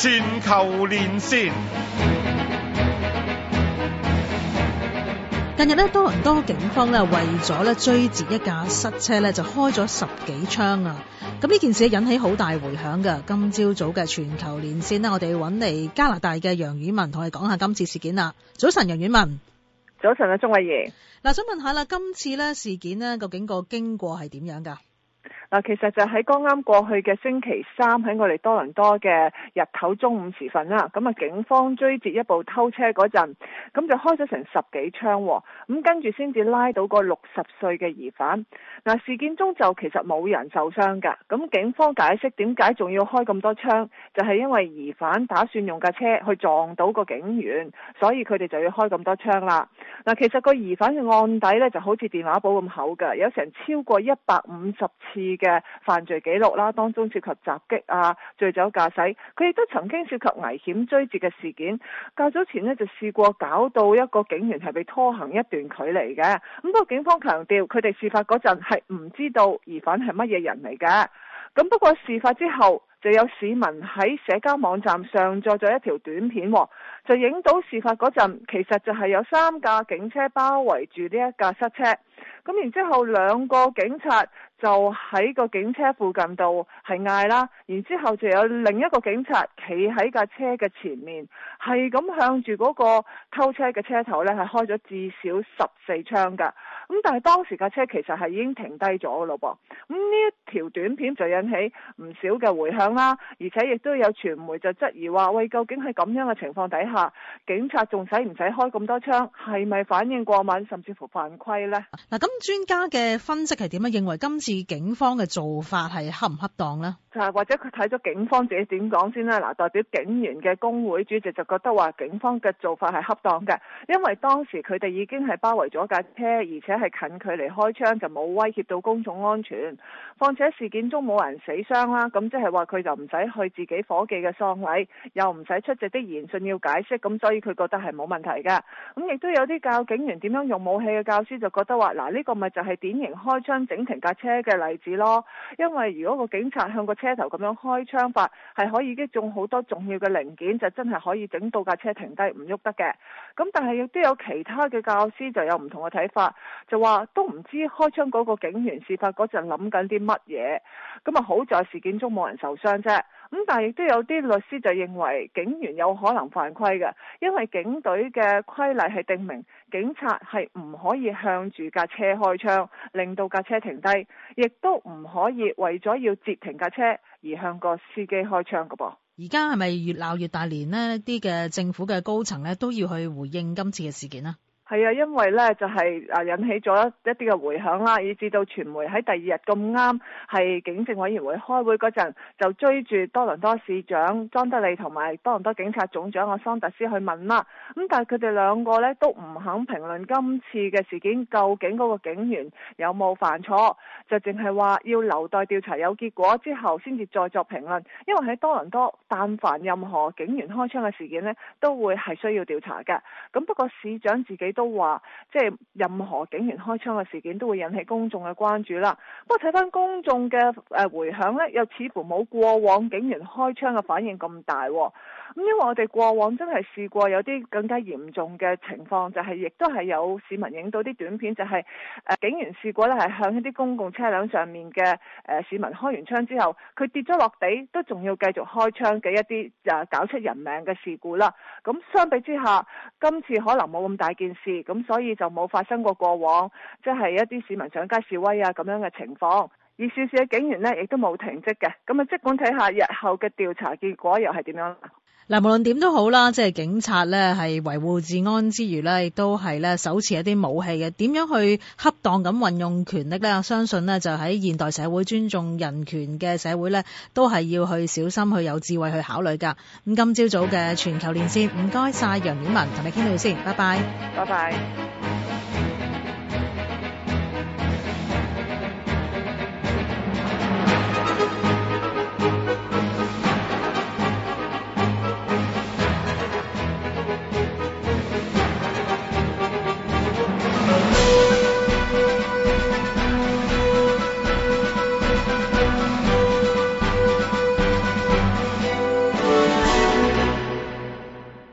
全球連線。近日咧，多倫多警方咧為咗咧追截一架失車咧，就開咗十幾槍啊！咁呢件事引起好大回響噶。今朝早嘅全球連線咧，我哋揾嚟加拿大嘅楊婉雯同你講下今次事件啦。早晨，楊婉雯。早晨啊，鍾慧儀。嗱，想問下啦，今次呢事件咧，究竟個經過係點樣噶？嗱，其實就喺剛啱過去嘅星期三，喺我哋多倫多嘅日頭中午時分啦，咁啊警方追截一部偷車嗰陣，咁就開咗成十幾槍喎，咁跟住先至拉到個六十歲嘅疑犯。嗱，事件中就其實冇人受傷噶，咁警方解釋點解仲要開咁多槍，就係、是、因為疑犯打算用架車去撞到個警員，所以佢哋就要開咁多槍啦。嗱，其實個疑犯嘅案底呢，就好似電話簿咁厚噶，有成超過一百五十次。嘅犯罪記錄啦，當中涉及襲擊啊、醉酒駕駛，佢亦都曾經涉及危險追截嘅事件。較早前呢，就試過搞到一個警員係被拖行一段距離嘅。咁不過警方強調，佢哋事發嗰陣係唔知道疑犯係乜嘢人嚟嘅。咁不過事發之後，就有市民喺社交網站上載咗一條短片，就影到事發嗰陣，其實就係有三架警車包圍住呢一架失車。咁然之後兩個警察。就喺個警車附近度係嗌啦，然之後就有另一個警察企喺架車嘅前面，係咁向住嗰個偷車嘅車頭呢係開咗至少十四槍㗎。咁但係當時架車其實係已經停低咗嘅咯噃，咁呢一條短片就引起唔少嘅迴響啦，而且亦都有傳媒就質疑話：喂，究竟喺咁樣嘅情況底下，警察仲使唔使開咁多槍？係咪反應過敏，甚至乎犯規呢？嗱，咁專家嘅分析係點樣？認為今次警方嘅做法係恰唔恰當呢？就係或者佢睇咗警方自己點講先啦。嗱、呃，代表警員嘅工會主席就覺得話警方嘅做法係恰當嘅，因為當時佢哋已經係包圍咗架車，而且。係近距離開槍就冇威脅到公眾安全，況且事件中冇人死傷啦，咁即係話佢就唔使去自己伙計嘅喪禮，又唔使出席啲言訊要解釋，咁所以佢覺得係冇問題嘅。咁亦都有啲教警員點樣用武器嘅教師就覺得話：嗱，呢個咪就係典型開槍整停架車嘅例子咯。因為如果個警察向個車頭咁樣開槍法，係可以擊中好多重要嘅零件，就真係可以整到架車停低唔喐得嘅。咁但係亦都有其他嘅教師就有唔同嘅睇法。就話都唔知開槍嗰個警員事發嗰陣諗緊啲乜嘢，咁啊，好在事件中冇人受傷啫，咁但係亦都有啲律師就認為警員有可能犯規嘅，因為警隊嘅規例係定明警察係唔可以向住架車開槍令到架車停低，亦都唔可以為咗要截停架車而向個司機開槍㗎噃。而家係咪越鬧越大，連呢啲嘅政府嘅高層呢，都要去回應今次嘅事件啊？係啊，因為呢就係引起咗一啲嘅迴響啦，以至到傳媒喺第二日咁啱係警政委員會開會嗰陣，就追住多倫多市長莊德利同埋多倫多警察總長阿桑特斯去問啦。咁但係佢哋兩個呢都唔肯評論今次嘅事件究竟嗰個警員有冇犯錯，就淨係話要留待調查有結果之後先至再作評論。因為喺多倫多，但凡任何警員開槍嘅事件呢，都會係需要調查嘅。咁不過市長自己，都話即係任何警員開槍嘅事件都會引起公眾嘅關注啦。不過睇翻公眾嘅誒回響呢，又似乎冇過往警員開槍嘅反應咁大，哦。咁因為我哋過往真係試過有啲更加嚴重嘅情況，就係亦都係有市民影到啲短片，就係誒警員試過呢，係向一啲公共車輛上面嘅誒市民開完槍之後，佢跌咗落地都仲要繼續開槍嘅一啲誒搞出人命嘅事故啦。咁相比之下，今次可能冇咁大件事。咁所以就冇發生過過往，即係一啲市民上街示威啊咁樣嘅情況。而肇事嘅警員咧亦都冇停職嘅。咁啊，即管睇下日後嘅調查結果又係點樣。嗱，無論點都好啦，即係警察咧係維護治安之餘呢，亦都係咧手持一啲武器嘅，點樣去恰當咁運用權力咧？相信呢就喺現代社會尊重人權嘅社會呢，都係要去小心去有智慧去考慮噶。咁今朝早嘅全球連線，唔該晒楊婉雯同你傾到先，拜拜，拜拜。